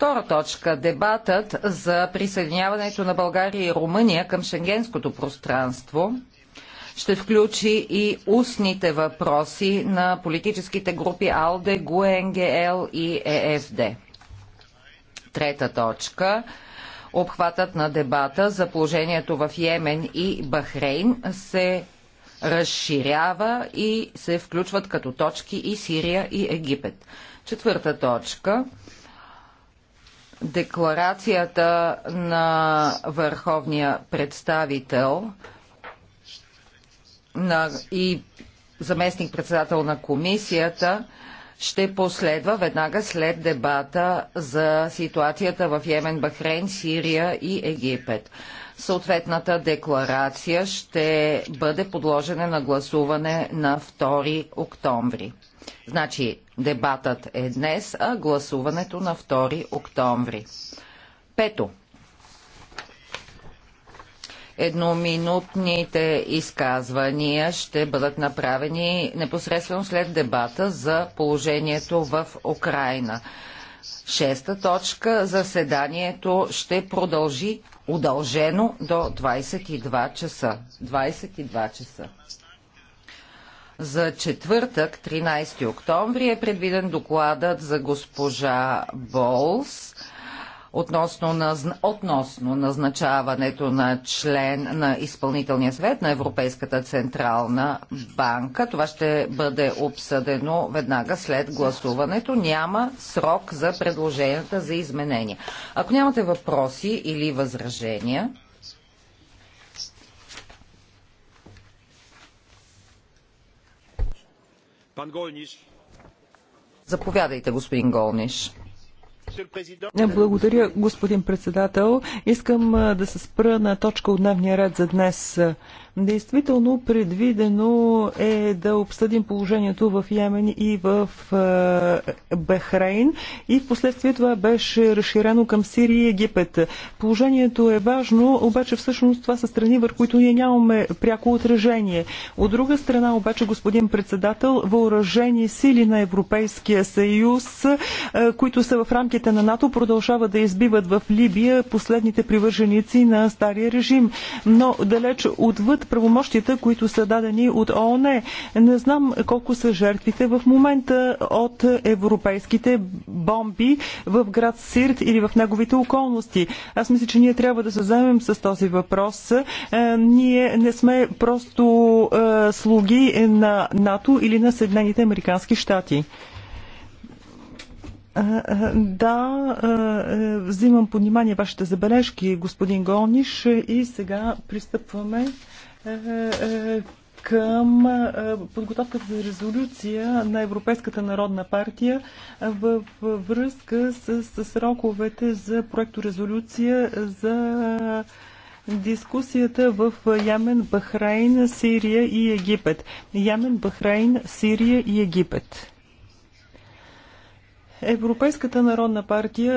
Втора точка. Дебатът за присъединяването на България и Румъния към шенгенското пространство ще включи и устните въпроси на политическите групи АЛДЕ, ГУЕНГЕЛ и е ЕФД. Трета точка обхватът на дебата за положението в Йемен и Бахрейн се разширява и се включват като точки и Сирия и Египет. Четвърта точка декларацията на върховния представител на, и заместник-председател на комисията ще последва веднага след дебата за ситуацията в Йемен, Бахрейн, Сирия и Египет. Съответната декларация ще бъде подложена на гласуване на 2 октомври. Значи дебатът е днес, а гласуването на 2 октомври. Пето едноминутните изказвания ще бъдат направени непосредствено след дебата за положението в Украина. Шеста точка. Заседанието ще продължи удължено до 22 часа. 22 часа. За четвъртък, 13 октомври, е предвиден докладът за госпожа Болс относно, наз... относно назначаването на член на изпълнителния съвет на Европейската централна банка. Това ще бъде обсъдено веднага след гласуването. Няма срок за предложенията за изменения. Ако нямате въпроси или възражения, Заповядайте, господин Голниш. Благодаря, господин председател. Искам да се спра на точка от дневния ред за днес. Действително предвидено е да обсъдим положението в Йемен и в е, Бехрейн и в последствие това беше разширено към Сирия и Египет. Положението е важно, обаче всъщност това са страни, върху които ние нямаме пряко отражение. От друга страна обаче, господин председател, въоръжени сили на Европейския съюз, е, които са в рамките на НАТО, продължават да избиват в Либия последните привърженици на стария режим. Но далеч отвъд приложат правомощията, които са дадени от ООН. Не знам колко са жертвите в момента от европейските бомби в град Сирт или в неговите околности. Аз мисля, че ние трябва да се займем с този въпрос. Е, ние не сме просто е, слуги на НАТО или на Съединените Американски щати. Да, е, взимам понимание внимание вашите забележки, господин Голниш, и сега пристъпваме е, е, към подготовката за резолюция на Европейската народна партия в връзка с сроковете за проекторезолюция за дискусията в Ямен, Бахрейн, Сирия и Египет. Ямен, Бахрейн, Сирия и Египет. Европейската народна партия